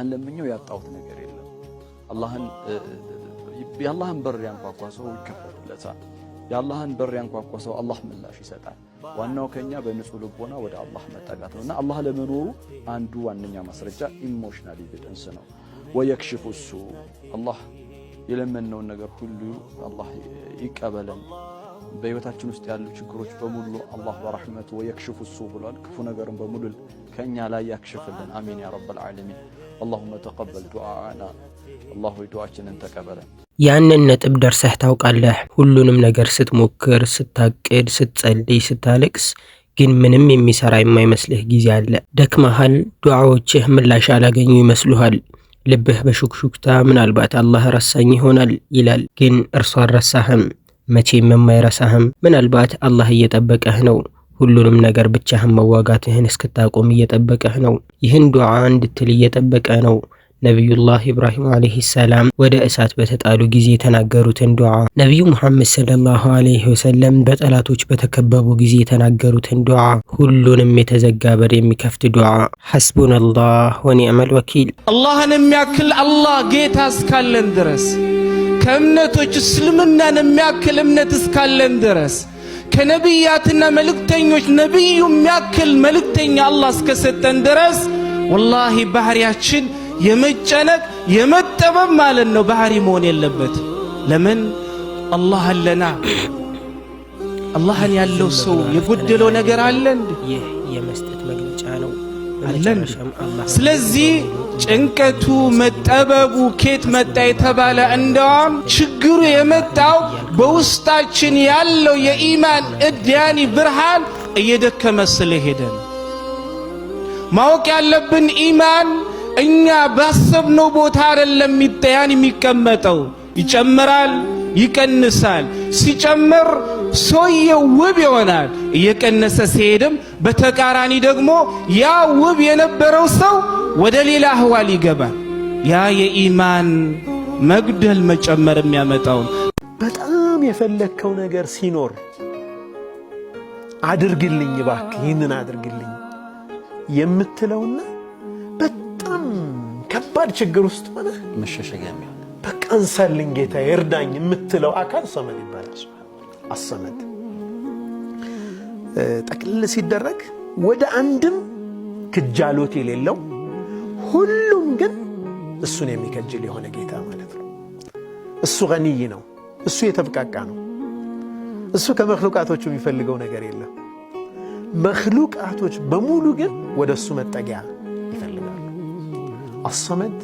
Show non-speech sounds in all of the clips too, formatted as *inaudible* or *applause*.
አላህን ለምኘው ያጣሁት ነገር የለም። አላህን የአላህን በር ያንኳኳ ሰው ይከፈትለታል። የአላህን በር ያንኳኳ ሰው አላህ ምላሽ ይሰጣል። ዋናው ከኛ በንጹህ ልቦና ወደ አላህ መጠጋት ነው እና አላህ ለመኖሩ አንዱ ዋነኛ ማስረጃ ኢሞሽናል ኢቪደንስ ነው። ወየክሽፉ እሱ አላህ የለመነውን ነገር ሁሉ አላህ ይቀበለን። በህይወታችን ውስጥ ያሉ ችግሮች በሙሉ አላህ በረሕመቱ ወየክሽፉ እሱ ብሏል። ክፉ ነገርን በሙሉ ከእኛ ላይ ያክሽፍልን። አሚን ያ ረብ ዓለሚን አላሁመ ተቀበል ዱዓአና፣ አላህ ዱዓችንን ተቀበለን። ያንን ነጥብ ደርሰህ ታውቃለህ። ሁሉንም ነገር ስትሞክር፣ ስታቅድ፣ ስትጸልይ፣ ስታለቅስ ግን ምንም የሚሰራ የማይመስልህ ጊዜ አለ። ደክመሃል። ዱዓዎችህ ምላሽ አላገኙ ይመስሉሃል። ልብህ በሹክሹክታ ምናልባት አላህ ረሳኝ ይሆናል ይላል። ግን እርሷ አልረሳህም፣ መቼም የማይረሳህም። ምናልባት አላህ እየጠበቀህ ነው። ሁሉንም ነገር ብቻህን መዋጋትህን እስክታቆም እየጠበቀህ ነው። ይህን ዱዓ እንድትል እየጠበቀ ነው። ነቢዩላህ ኢብራሂም ዓለይህ ሰላም ወደ እሳት በተጣሉ ጊዜ የተናገሩትን ዱዓ፣ ነቢዩ ሙሐመድ ሰለላሁ ዓለይህ ወሰለም በጠላቶች በተከበቡ ጊዜ የተናገሩትን ዱዓ፣ ሁሉንም የተዘጋ በር የሚከፍት ዱዓ። ሐስቡነላህ ወኒዕመል ወኪል። አላህን የሚያክል አላህ ጌታ እስካለን ድረስ ከእምነቶች እስልምናን የሚያክል እምነት እስካለን ድረስ ከነቢያትና መልእክተኞች ነቢዩ የሚያክል መልእክተኛ አላህ እስከሰጠን ድረስ ወላሂ ባህሪያችን የመጨነቅ የመጠበብ ማለት ነው ባህሪ መሆን የለበት። ለምን አላህ አለና አላህን ያለው ሰው የጎደለው ነገር አለ እንዴ? ይህ የመስጠት መግለጫ ነው። አለን። ስለዚህ ጭንቀቱ መጠበቡ ኬት መጣ የተባለ እንደዋም ችግሩ የመጣው በውስጣችን ያለው የኢማን እድያኒ ብርሃን እየደከመ ስለሄደ ነው። ማወቅ ያለብን ኢማን እኛ ባሰብነው ቦታ አይደለም የሚጠያን የሚቀመጠው፣ ይጨምራል፣ ይቀንሳል። ሲጨምር ሰውየው ውብ ይሆናል። እየቀነሰ ሲሄድም በተቃራኒ ደግሞ ያ ውብ የነበረው ሰው ወደ ሌላ አህዋል ይገባል። ያ የኢማን መጉደል መጨመር የሚያመጣውን በጣም የፈለግከው ነገር ሲኖር አድርግልኝ እባክህ ይህንን አድርግልኝ የምትለውና በጣም ከባድ ችግር ውስጥ ሆነ መሸሸጊያ በቃ እንሳልኝ ጌታ እርዳኝ የምትለው አካል ሰመን ይባላል። አሰመድ ጠቅልል ሲደረግ ወደ አንድም ክጃሎት የሌለው ሁሉም ግን እሱን የሚከጅል የሆነ ጌታ ማለት ነው። እሱ ገንይ ነው። እሱ የተብቃቃ ነው። እሱ ከመክሉቃቶቹ የሚፈልገው ነገር የለም። መክሉቃቶች በሙሉ ግን ወደ እሱ መጠጊያ ይፈልጋሉ። አሰመድ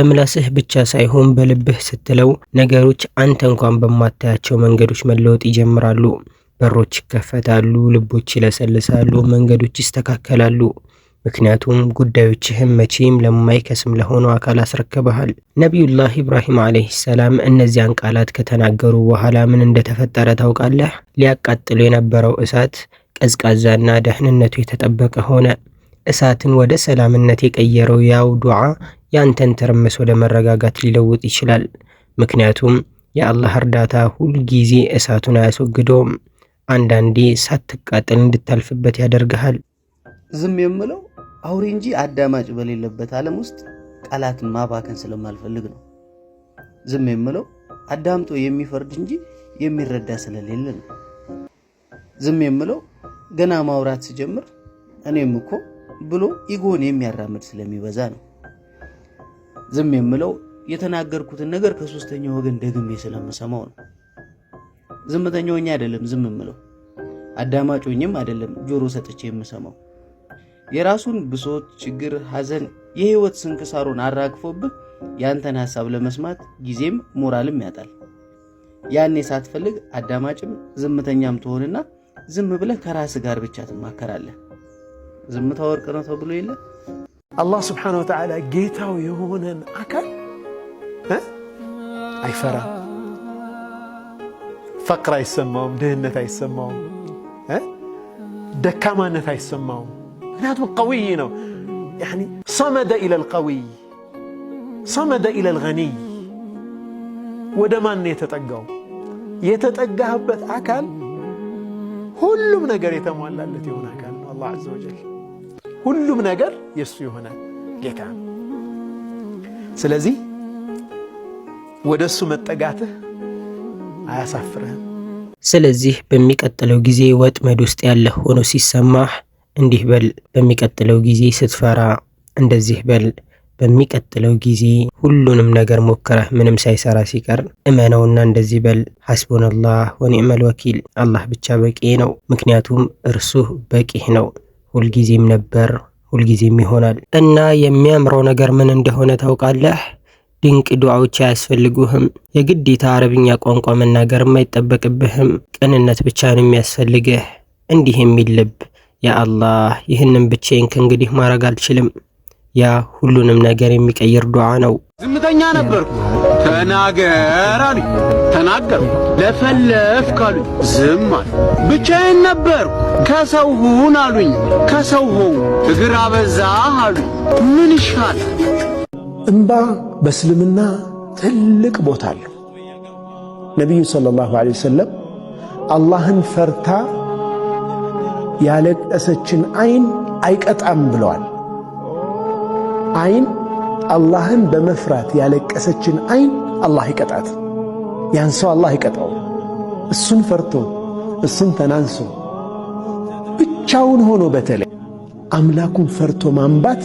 በምላስህ ብቻ ሳይሆን በልብህ ስትለው ነገሮች አንተ እንኳን በማታያቸው መንገዶች መለወጥ ይጀምራሉ። በሮች ይከፈታሉ፣ ልቦች ይለሰልሳሉ፣ መንገዶች ይስተካከላሉ። ምክንያቱም ጉዳዮችህም መቼም ለማይከስም ለሆነው አካል አስረክበሃል። ነቢዩላህ ኢብራሂም ዓለይሂ ሰላም እነዚያን ቃላት ከተናገሩ በኋላ ምን እንደተፈጠረ ታውቃለህ? ሊያቃጥሉ የነበረው እሳት ቀዝቃዛና ደህንነቱ የተጠበቀ ሆነ። እሳትን ወደ ሰላምነት የቀየረው ያው ዱዓ ያንተን ትርምስ ወደ መረጋጋት ሊለውጥ ይችላል። ምክንያቱም የአላህ እርዳታ ሁልጊዜ እሳቱን አያስወግደውም። አንዳንዴ ሳትቃጠል እንድታልፍበት ያደርግሃል። ዝም የምለው አውሬ እንጂ አዳማጭ በሌለበት ዓለም ውስጥ ቃላትን ማባከን ስለማልፈልግ ነው። ዝም የምለው አዳምጦ የሚፈርድ እንጂ የሚረዳ ስለሌለ ነው። ዝም የምለው ገና ማውራት ስጀምር እኔም እኮ ብሎ ኢጎን የሚያራምድ ስለሚበዛ ነው። ዝም የምለው የተናገርኩትን ነገር ከሶስተኛው ወገን ደግሜ ስለምሰማው ነው። ዝምተኛውኝ አይደለም ዝም የምለው፣ አዳማጮኝም አይደለም ጆሮ ሰጥቼ የምሰማው። የራሱን ብሶት፣ ችግር፣ ሐዘን፣ የህይወት ስንክሳሩን አራግፎብህ ያንተን ሐሳብ ለመስማት ጊዜም ሞራልም ያጣል። ያኔ ሳትፈልግ አዳማጭም ዝምተኛም ትሆንና ዝም ብለህ ከራስ ጋር ብቻ ትማከራለህ። ዝምታ ወርቅ ነው ተብሎ የለ አላህ ስብሓነ ወተዓላ ጌታው የሆነን አካል አይፈራ፣ ፈቅር አይሰማውም፣ ድህነት አይሰማውም፣ ደካማነት አይሰማውም። ምክንያቱም ቀውይ ነው። ሰመደ ኢለል ቀውይ ሰመደ ኢለል ገኒይ። ወደ ማን ነው የተጠጋው? የተጠጋህበት አካል ሁሉም ነገር የተሟላለት የሆነ አካል ነው አላህ ዐዘ ወጀል ሁሉም ነገር የእሱ የሆነ ጌታ ነው። ስለዚህ ወደ እሱ መጠጋትህ አያሳፍርህም። ስለዚህ በሚቀጥለው ጊዜ ወጥመድ ውስጥ ያለህ ሆኖ ሲሰማህ እንዲህ በል። በሚቀጥለው ጊዜ ስትፈራ እንደዚህ በል። በሚቀጥለው ጊዜ ሁሉንም ነገር ሞክረህ ምንም ሳይሰራ ሲቀር እመነውና እንደዚህ በል፣ ሐስቡነላህ ወኒዕመል ወኪል፣ አላህ ብቻ በቂ ነው። ምክንያቱም እርሱ በቂህ ነው። ሁልጊዜም ነበር፣ ሁልጊዜም ይሆናል እና የሚያምረው ነገር ምን እንደሆነ ታውቃለህ? ድንቅ ዱዓዎች አያስፈልጉህም። የግዴታ አረብኛ ቋንቋ መናገርም አይጠበቅብህም። ቅንነት ብቻ ነው የሚያስፈልግህ። እንዲህ የሚል ልብ፣ ያ አላህ ይህንን ብቻዬን ከእንግዲህ ማድረግ አልችልም ያ ሁሉንም ነገር የሚቀይር ዱዓ ነው። ዝምተኛ ነበርኩ። ተናገር አሉኝ፣ ተናገር ለፈለፍ ካሉ ዝም አለ። ብቻዬን ነበርኩ። ከሰው ሁን አሉኝ፣ ከሰው ሁን። እግር አበዛህ አሉኝ፣ ምን ይሻል? እምባ በእስልምና ትልቅ ቦታ አለው። ነቢዩ ሰለላሁ ዐለይሂ ወሰለም አላህን ፈርታ ያለቀሰችን አይን አይቀጣም ብለዋል። አይን አላህን በመፍራት ያለቀሰችን አይን አላህ ይቀጣት። ያን ሰው አላህ ይቀጣው። እሱን ፈርቶ እሱን ተናንሶ ብቻውን ሆኖ በተለይ አምላኩን ፈርቶ ማንባት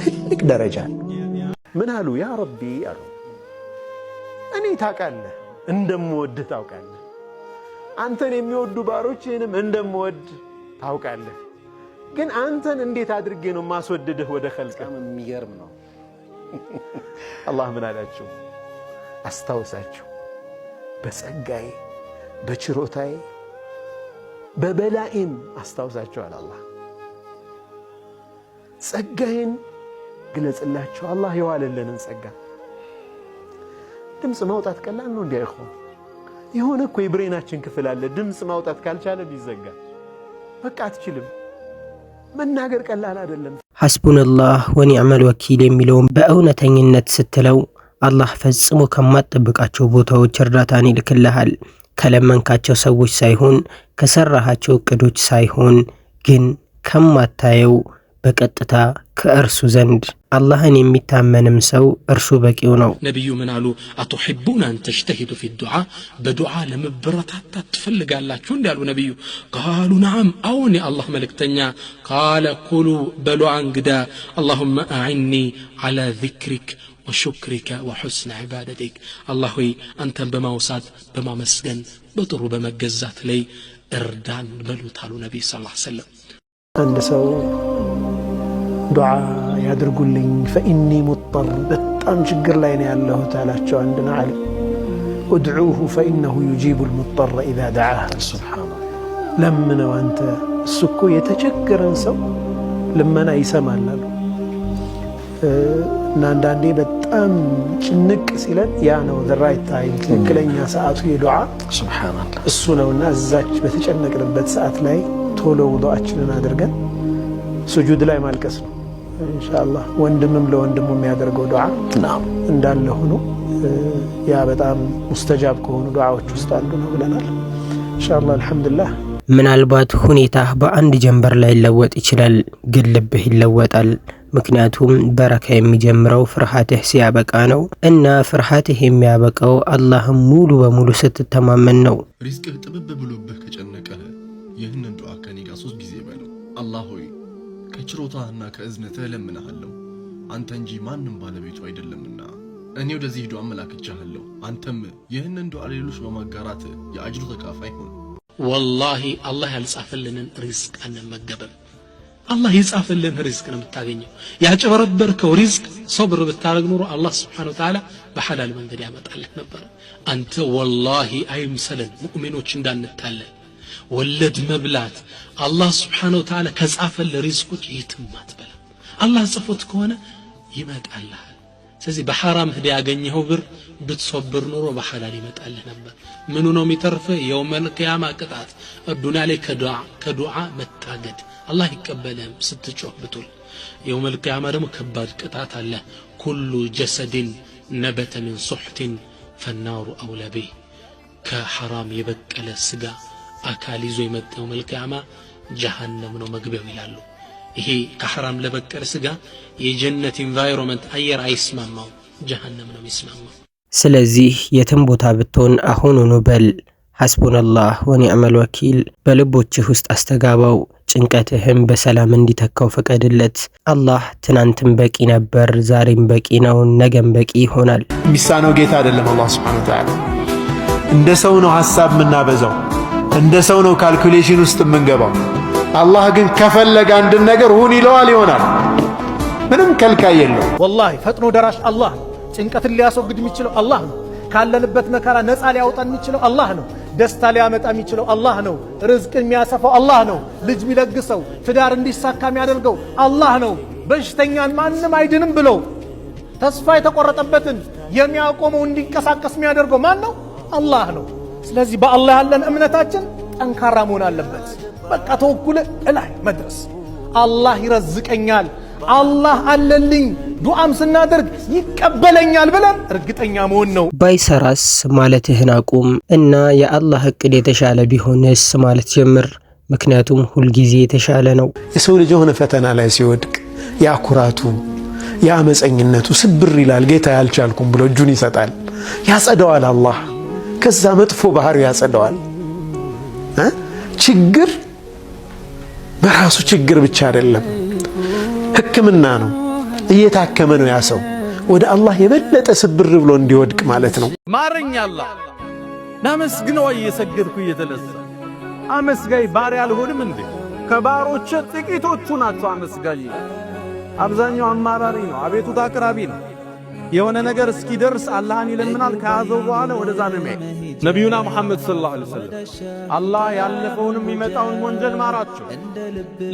ትልቅ ደረጃ ምን አሉ? ያ ረቢ አሉ እኔ ታውቃለህ፣ እንደምወድህ ታውቃለህ። አንተን የሚወዱ ባሮችንም እንደምወድ ታውቃለህ ግን አንተን እንዴት አድርጌ ነው ማስወደድህ ወደ ኸልቅህ? የሚገርም ነው። *laughs* አላህ ምን አላቸው? አስታውሳቸው በጸጋዬ በችሮታዬ በበላይም አስታውሳቸዋል። አላህ ጸጋዬን ግለጽላቸው። አላህ የዋለለንን ጸጋ ድምፅ ማውጣት ቀላል ነው። እንዲያ ይሆን የሆነ እኮ የብሬናችን ክፍል አለ ድምፅ ማውጣት ካልቻለ ቢዘጋ በቃ አትችልም። መናገር ቀላል አይደለም። ሐስቡንላህ ወኒዕመል ወኪል የሚለውን በእውነተኝነት ስትለው አላህ ፈጽሞ ከማትጠብቃቸው ቦታዎች እርዳታን ይልክልሃል። ከለመንካቸው ሰዎች ሳይሆን ከሰራሃቸው እቅዶች ሳይሆን ግን ከማታየው በቀጥታ ከእርሱ ዘንድ አላህን የሚታመንም ሰው እርሱ በቂው ነው። ነቢዩ ምን አሉ? አቱሒቡን አን ተጅተሂዱ ፊ ዱዓ፣ በዱዓ ለመበረታታት ትፈልጋላችሁ እንዲ ያሉ ነቢዩ ቃሉ ነዓም፣ አዎን የአላህ መልእክተኛ። ቃለ ኩሉ በሉ እንግዳ። አላሁመ አዕኒ ዓላ ዚክሪክ ወሹክሪከ ወሑስነ ዒባደቲክ። አላህ ሆይ አንተን በማውሳት በማመስገን በጥሩ በመገዛት ላይ እርዳን በሉት አሉ ነቢይ ስ ሰለም አንድ ሰው ዱዓ ያድርጉልኝ ፈኢኒ ሙጠር በጣም ችግር ላይ ነው ያለሁት አላቸው። አንድና አለ ኡድዑሁ ፈኢነሁ ዩጂቡል ሙጠረ ኢዛ ደዓ ለምነው አንተ እሱ እኮ የተቸገረን ሰው ልመና ይሰማል አሉ እና አንዳንዴ በጣም ጭንቅ ሲለን ያ ነው ራይት ታይም ትክክለኛ ሰዓቱ የዱዓ እሱ ነውና እዛች በተጨነቅንበት ሰዓት ላይ ቶሎ ውዱአችንን አድርገን ስጁድ ላይ ማልቀስ ነው። እንሻላ ወንድምም ለወንድሙ የሚያደርገው ዱዓ እንዳለ ሆኖ ያ በጣም ሙስተጃብ ከሆኑ ዱዓዎች ውስጥ አንዱ ነው ብለናል። እንሻላ አልሐምዱላህ። ምናልባት ሁኔታ በአንድ ጀንበር ላይ ይለወጥ ይችላል፣ ግን ልብህ ይለወጣል። ምክንያቱም በረካ የሚጀምረው ፍርሃትህ ሲያበቃ ነው እና ፍርሃትህ የሚያበቃው አላህም ሙሉ በሙሉ ስትተማመን ነው። ሪዝቅህ ጥብብ ብሎብህ ከጨነቀህ ይህንን ዱዓ ከኔ ጋር ሶስት ጊዜ በለው። አላህ ሆይ ከችሮታህና ከእዝነትህ እለምንሃለሁ አንተ እንጂ ማንም ባለቤቱ አይደለምና። እኔ ወደዚህ ዱዓ አመላክቻለሁ። አንተም ይህንን ዱዓ ሌሎች በማጋራት የአጅሩ ተካፋይ ሁን። ወላሂ አላህ ያልጻፈልንን ሪዝቅ አንመገብም። አላህ የጻፈልን ሪዝቅ ነው የምታገኘው። ያጭበረበርከው ሪዝቅ ሰብር ብታረግ ኑሮ አላህ ስብሓነሁ ወተዓላ በሐላል መንገድ ያመጣልህ ነበር። አንተ ወላሂ አይምሰልን ሙእሚኖች እንዳንታለን ወለድ መብላት አላህ ስብሓን ወተዓላ ከጻፈል ሪዝቆች የትም አትበላ አላህ ጽፎት ከሆነ ይመጣልሃል ስለዚህ በሐራም ህደ ያገኘኸው ብር ብትሶብር ኑሮ በሐላል ይመጣልህ ነበር ምኑ ነው የሚተርፍ የውመል ቅጣት ዱንያ ላይ ከዱዓ መታገድ አላህ ይቀበልህም ስትጮህ ብቱል የውመል ደግሞ ከባድ ቅጣት አለ ኩሉ ጀሰድን ነበተ ምን ሱሕትን ፈናሩ አውለቤ ከሐራም የበቀለ ስጋ አካል ይዞ የመጣው መልካማ ጀሃነም ነው መግቢያው ይላሉ። ይሄ ከሐራም ለበቀል ስጋ የጀነት ኢንቫይሮንመንት አየር አይስማማው፣ ጀሃነም ነው የሚስማማው። ስለዚህ የትም ቦታ ብትሆን አሁኑኑ በል ሐስቡነላህ ወኒዕመል ወኪል በልቦችህ ውስጥ አስተጋባው። ጭንቀትህም በሰላም እንዲተካው ፈቀድለት። አላህ ትናንትም በቂ ነበር፣ ዛሬም በቂ ነው፣ ነገም በቂ ይሆናል። ነው ጌታ አይደለም። አላህ ስብሐነሁ ወተዓላ እንደ ሰው ነው ሐሳብ የምናበዛው እንደ ሰው ነው ካልኩሌሽን ውስጥ የምንገባው። አላህ ግን ከፈለገ አንድን ነገር ሁን ይለዋል ይሆናል። ምንም ከልካይ የለው። ወላሂ ፈጥኖ ደራሽ አላህ ነው። ጭንቀትን ሊያስወግድ የሚችለው አላህ ነው። ካለንበት መከራ ነፃ ሊያወጣ የሚችለው አላህ ነው። ደስታ ሊያመጣ የሚችለው አላህ ነው። ርዝቅን የሚያሰፋው አላህ ነው። ልጅ የሚለግሰው ትዳር እንዲሳካ የሚያደርገው አላህ ነው። በሽተኛን ማንም አይድንም ብለው ተስፋ የተቆረጠበትን የሚያቆመው እንዲንቀሳቀስ የሚያደርገው ማን ነው? አላህ ነው። ስለዚህ በአላህ ያለን እምነታችን ጠንካራ መሆን አለበት። በቃ ተወኩል እላይ መድረስ አላህ ይረዝቀኛል፣ አላህ አለልኝ፣ ዱዓም ስናደርግ ይቀበለኛል ብለን እርግጠኛ መሆን ነው። ባይሰራስ ማለትህን አቁም እና የአላህ እቅድ የተሻለ ቢሆንስ ማለት ጀምር። ምክንያቱም ሁልጊዜ የተሻለ ነው። የሰው ልጅ የሆነ ፈተና ላይ ሲወድቅ ያ ኩራቱ፣ ስብር ይላል። ጌታ ያልቻልኩም ብሎ እጁን ይሰጣል፣ ያጸደዋል አላህ ከዛ መጥፎ ባህሪው ያጸደዋል። ችግር በራሱ ችግር ብቻ አይደለም፣ ሕክምና ነው። እየታከመ ነው ያ ሰው ወደ አላህ የበለጠ ስብር ብሎ እንዲወድቅ ማለት ነው። ማረኛ አላህ ናመስግነው እየሰገድኩ እየተነሳ አመስጋይ ባሪ አልሆንም እንዴ? ከባሮች ጥቂቶቹ ናቸው አመስጋይ። አብዛኛው አማራሪ ነው፣ አቤቱታ አቅራቢ ነው። የሆነ ነገር እስኪደርስ አላህን ይለምናል። ከያዘው በኋላ ወደዛ ነው የሚሄድ። ነቢዩና መሐመድ ሰለላሁ ዐለይሂ ወሰለም አላህ ያለፈውንም የሚመጣውን ወንጀል ማራቸው።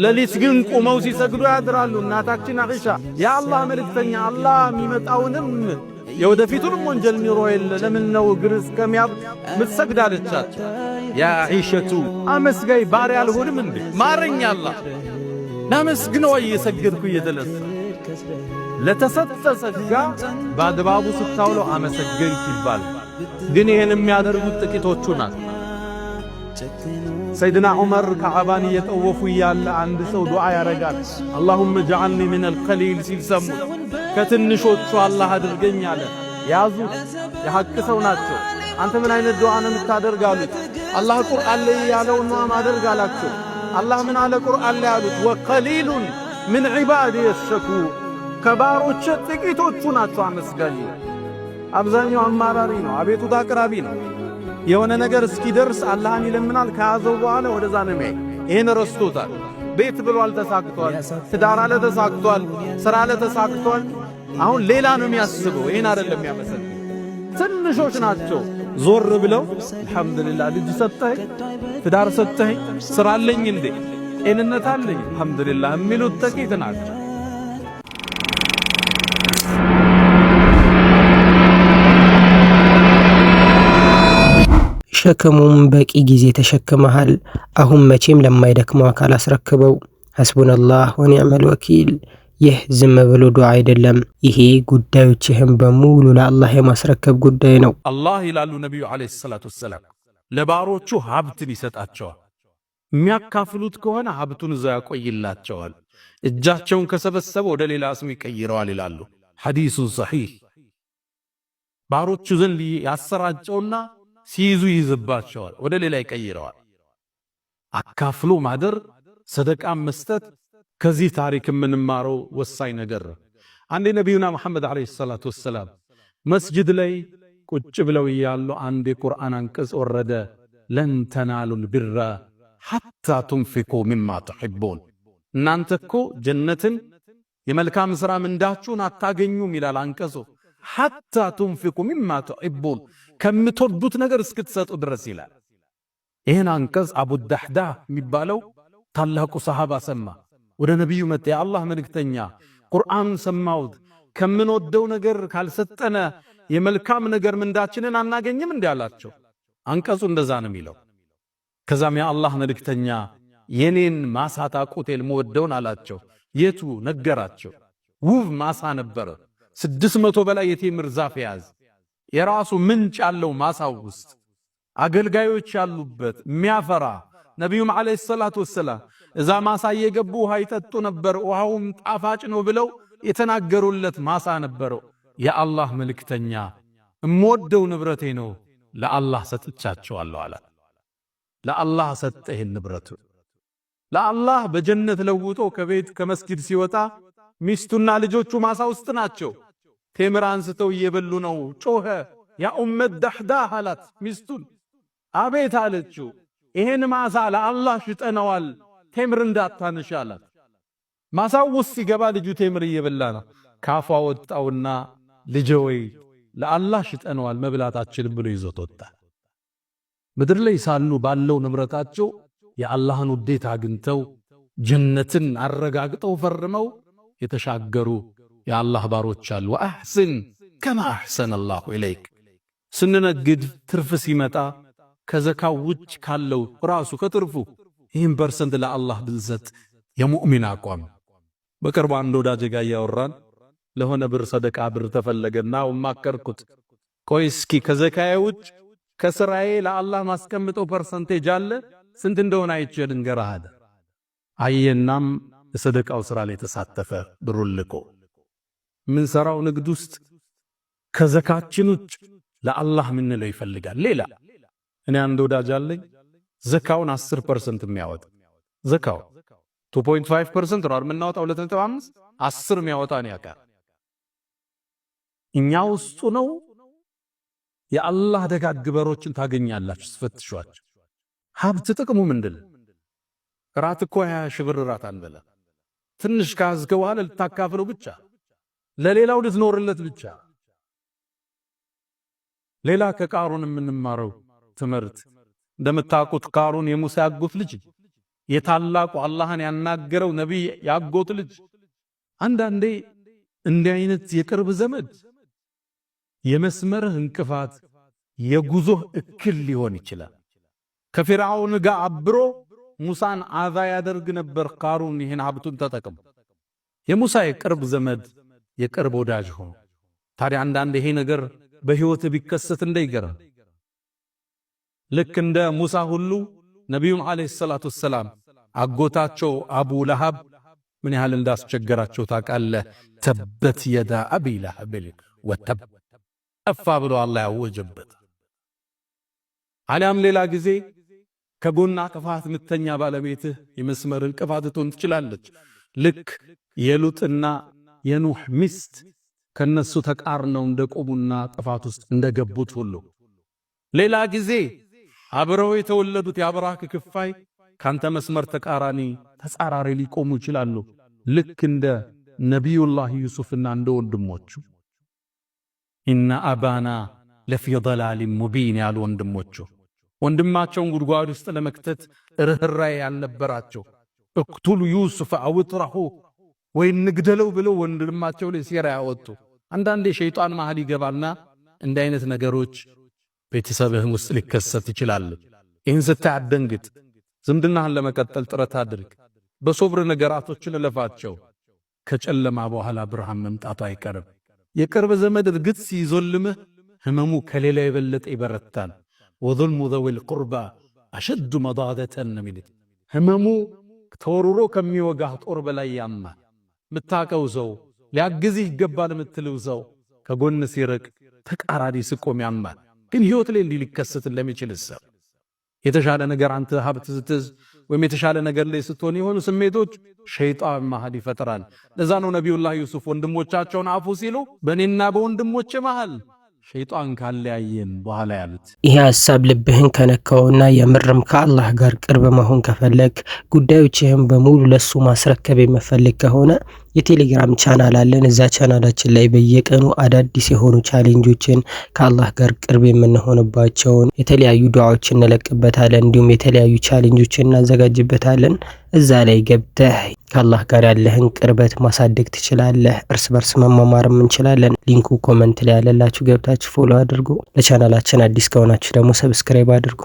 ሌሊት ግን ቁመው ሲሰግዱ ያድራሉ። እናታችን አይሻ የአላህ መልእክተኛ፣ አላህ የሚመጣውንም የወደፊቱንም ወንጀል ኑሮ የለ ለምን ነው እግር እስከሚያብ ምትሰግዳለቻቸው? ያ ዒሸቱ አመስጋይ ባሪያ አልሆንም እንዴ? ማረኛ አላህ ላመስግነው እየሰገድኩ እየተለሳ ለተሰጠ ጸጋ በአግባቡ ስታውለው አመሰገንክ ይባል። ግን ይህን የሚያደርጉት ጥቂቶቹ ናት ሰይድና ዑመር ከዓባን እየጠወፉ እያለ አንድ ሰው ዱዓ ያረጋል። አላሁመ ጀዐልኒ ሚነል ቀሊል ሲል ሰሙ። ከትንሾቹ አላህ አድርገኝ አለ። ያዙት፣ የሐቅ ሰው ናቸው። አንተ ምን አይነት ዱዓ ነው የምታደርግ አሉት። አላህ ቁርአን ላይ ያለው ነው ማደርግ አላቸው። አላህ ምን አለ ቁርአን ላይ አሉት፣ ወቀሊሉን ምን ዒባድ የሸኩር ከባሮች ጥቂቶቹ ናቸው አመስጋኝ። አብዛኛው አማራሪ ነው፣ አቤቱታ አቅራቢ ነው። የሆነ ነገር እስኪደርስ አላህን ይለምናል። ከያዘው በኋላ ወደዛ ነው የሚሄድ። ይህን ረስቶታል። ቤት ብሏል፣ ተሳክቷል። ትዳር አለ፣ ተሳክቷል። ሥራ አለ፣ ተሳክቷል። አሁን ሌላ ነው የሚያስበው። ይህን አይደለም የሚያመሰል። ትንሾች ናቸው ዞር ብለው አልሐምዱሊላህ፣ ልጅ ሰጠኝ፣ ትዳር ሰጠኝ፣ ሥራ አለኝ እንዴ ጤንነት አለኝ አልሐምዱሊላህ የሚሉት ጥቂት ናቸው። ሸክሙም በቂ ጊዜ ተሸክመሃል። አሁን መቼም ለማይደክመው አካል አስረክበው። ሐስቡነላህ ወኒዕመል ወኪል። ይህ ዝም ብሎ ዱዓ አይደለም። ይሄ ጉዳዮችህም በሙሉ ለአላህ የማስረከብ ጉዳይ ነው። አላህ ይላሉ ነቢዩ ዓለይሂ ሰላቱ ወሰላም ለባሮቹ ሀብትን ይሰጣቸዋል። የሚያካፍሉት ከሆነ ሀብቱን እዛ ያቆይላቸዋል። እጃቸውን ከሰበሰበ ወደ ሌላ ስም ይቀይረዋል ይላሉ። ሐዲሱን ሰሒህ ባሮቹ ዘንድ ያሰራጨውና ሲይዙ ይይዝባቸዋል፣ ወደ ሌላ ይቀይረዋል። አካፍሎ ማደር፣ ሰደቃም መስጠት ከዚህ ታሪክ የምንማረው ወሳኝ ነገር አንዴ ነቢዩና መሐመድ ዓለይሂ ሰላቱ ወሰላም መስጅድ ላይ ቁጭ ብለው እያሉ አንድ የቁርአን አንቀጽ ወረደ። ለን ተናሉል ቢራ ሐታ ቱንፊኩ ሚማ ትሕቡን፣ እናንተ እኮ ጀነትን የመልካም ሥራ ምንዳችሁን አታገኙም ይላል አንቀጹ። ሐታ ቱንፊኩ ሚማ ትሕቡን ከምትወዱት ነገር እስክትሰጡ ድረስ ይላል። ይህን አንቀጽ አቡ ዳህዳ የሚባለው ታላቁ ሰሃባ ሰማ። ወደ ነቢዩ መጣ። የአላህ መልእክተኛ ቁርአን ሰማውት ከምንወደው ነገር ካልሰጠነ የመልካም ነገር ምንዳችንን አናገኝም እንዲ አላቸው። አንቀጹ እንደዛ ነው የሚለው። ከዛም የአላህ መልእክተኛ የኔን ማሳ ታቁቴል መወደውን አላቸው። የቱ ነገራቸው። ውብ ማሳ ነበረ፣ ስድስት መቶ በላይ የቴምር ዛፍ የያዘ የራሱ ምንጭ ያለው ማሳው ውስጥ አገልጋዮች ያሉበት የሚያፈራ ነቢዩም ዓለይሂ ሰላቱ ወሰላም እዛ ማሳ እየገቡ ውሃ ይጠጡ ነበር። ውሃውም ጣፋጭ ነው ብለው የተናገሩለት ማሳ ነበረው። የአላህ መልእክተኛ እምወደው ንብረቴ ነው፣ ለአላህ ሰጥቻቸዋለሁ አለ። ለአላህ ሰጠ ንብረቱ ለአላህ በጀነት ለውጦ ከቤት ከመስጊድ ሲወጣ ሚስቱና ልጆቹ ማሳ ውስጥ ናቸው። ቴምር አንስተው እየበሉ ነው። ጮኸ። ያ ኡመት ዳህዳህ አላት ሚስቱን። አቤት አለችው። ይሄን ማሳ ለአላህ ሽጠነዋል፣ ቴምር እንዳታነሽ አላት። ማሳው ውስጥ ሲገባ ልጁ ቴምር እየበላ ነው። ካፏ ወጣውና ልጄ ወይ ለአላህ ሽጠነዋል መብላታችን ብሎ ይዞት ወጣ። ምድር ላይ ሳሉ ባለው ንብረታቸው የአላህን ውዴታ አግኝተው ጀነትን አረጋግጠው ፈርመው የተሻገሩ የአላህ ባሮች አሉ። አሕስን ከማ አሕሰን አላሁ ኢለይክ። ስንነግድ ትርፍ ሲመጣ ከዘካው ውጭ ካለው ራሱ ከትርፉ ይህም ፐርሰንት ለአላህ ብንሰጥ የሙእሚን አቋም። በቅርብ አንድ ወዳጄ ጋር እያወራን ለሆነ ብር ሰደቃ ብር ተፈለገና ማከርኩት። ቆይ እስኪ ከዘካዬ ውጭ ከስራዬ ለአላህ ማስቀምጠው ፐርሰንቴጅ አለ ስንት እንደሆነ አይቼ ልንገርህ አለ። አየናም የሰደቃው ስራ ላይ ተሳተፈ ብሩን ልኮ የምንሰራው ንግድ ውስጥ ከዘካችን ውጭ ለአላህ ምንለው ይፈልጋል። ሌላ እኔ አንድ ወዳጅ አለኝ ዘካውን 10 ፐርሰንት የሚያወጣ ዘካው 2.5 ፐርሰንት ነው የምናወጣው 2.5 10 የሚያወጣ ነው ያውቃል። እኛ ውስጡ ነው የአላህ ደጋግበሮችን ታገኛላችሁ ስፈትሿቸው። ሀብት ጥቅሙ ምንድን ራት እኮ 20 ሺህ ራት አንበላ ትንሽ ካዝገው በኋላ ልታካፍለው ብቻ ለሌላው ልትኖርለት ብቻ። ሌላ ከቃሩን የምንማረው ትምህርት እንደምታውቁት ቃሩን የሙሳ ያጎት ልጅ የታላቁ አላህን ያናገረው ነቢይ ያጎት ልጅ። አንዳንዴ እንዲህ አይነት የቅርብ ዘመድ የመስመርህ እንቅፋት፣ የጉዞህ እክል ሊሆን ይችላል። ከፊርዓውን ጋር አብሮ ሙሳን አዛ ያደርግ ነበር። ቃሩን ይህን ሀብቱን ተጠቅሞ የሙሳ የቅርብ ዘመድ የቅርብ ወዳጅ ሆኖ ታዲያ አንዳንድ ይሄ ነገር በህይወት ቢከሰት እንደይገረ ልክ እንደ ሙሳ ሁሉ ነቢዩም አለይሂ ሰላቱ ሰላም አጎታቸው አቡ ለሃብ ምን ያህል እንዳስቸገራቸው ታቃለ። ተበት የዳ አቢ ለሃብ ወተብ ጠፋ ብሎ አላህ ያወጀበት። አሊያም ሌላ ጊዜ ከጎና ቅፋት ምተኛ ባለቤትህ የመስመር እንቅፋት ትሆን ትችላለች። ልክ የሉጥና የኑህ ሚስት ከነሱ ተቃርነው እንደቆሙና ጥፋት ውስጥ እንደገቡት ሁሉ ሌላ ጊዜ አብረው የተወለዱት የአብራክ ክፋይ ካንተ መስመር ተቃራኒ ተጻራሪ ሊቆሙ ይችላሉ። ልክ እንደ ነቢዩላህ ዩሱፍና እንደ ወንድሞቹ ኢነ አባና ለፊ ደላሊን ሙቢን ያሉ ወንድሞቹ ወንድማቸውን ጉድጓድ ውስጥ ለመክተት ርኅራዬ ያልነበራቸው እክቱሉ ዩሱፍ አውጥራሁ ወይም ንግደለው ብለው ወንድማቸው ላይ ሴራ ያወጡ አንዳንዴ ሸይጣን መሃል ይገባና እንደ አይነት ነገሮች ቤተሰብህም ውስጥ ሊከሰት ይችላል። ይህን ስታይ አትደንግጥ። ዝምድናህን ለመቀጠል ጥረት አድርግ። በሶብር ነገራቶችን እለፋቸው። ከጨለማ በኋላ ብርሃን መምጣቱ አይቀርም። የቅርብ ዘመድ እርግጥ ሲዞልምህ ህመሙ ከሌላ የበለጠ ይበረታል። ወዙልሙ ዘዊል ቁርባ አሸዱ መዳደተን ሚልት ህመሙ ተወርሮ ከሚወጋህ ጦር በላይ ያማል። ምታቀው ሰው ሊያግዝህ ይገባል የምትለው ሰው ከጎን ሲርቅ ተቃራኒ ስቆም ያማል። ግን ህይወት ላይ እንዲህ ሊከሰት ለሚችል ሰው የተሻለ ነገር አንተ ሀብት ስትዝ ወይም የተሻለ ነገር ላይ ስትሆን የሆኑ ስሜቶች ሸይጣን መሃል ይፈጥራል። ለዛ ነው ነቢዩላህ ዩሱፍ ወንድሞቻቸውን አፉ ሲሉ በእኔና በወንድሞቼ መሃል ሸይጣን ካለያየን በኋላ ያሉት ይህ ሀሳብ ልብህን ከነካውና የምርም ከአላህ ጋር ቅርብ መሆን ከፈለግ ጉዳዮችህም በሙሉ ለሱ ማስረከብ የመፈልግ ከሆነ የቴሌግራም ቻናል አለን። እዛ ቻናላችን ላይ በየቀኑ አዳዲስ የሆኑ ቻሌንጆችን ከአላህ ጋር ቅርብ የምንሆንባቸውን የተለያዩ ዱዓዎች እንለቅበታለን። እንዲሁም የተለያዩ ቻሌንጆችን እናዘጋጅበታለን። እዛ ላይ ገብተህ ከአላህ ጋር ያለህን ቅርበት ማሳደግ ትችላለህ። እርስ በርስ መማማርም እንችላለን። ሊንኩ ኮመንት ላይ ያለላችሁ ገብታችሁ ፎሎ አድርጉ። ለቻናላችን አዲስ ከሆናችሁ ደግሞ ሰብስክራይብ አድርጉ።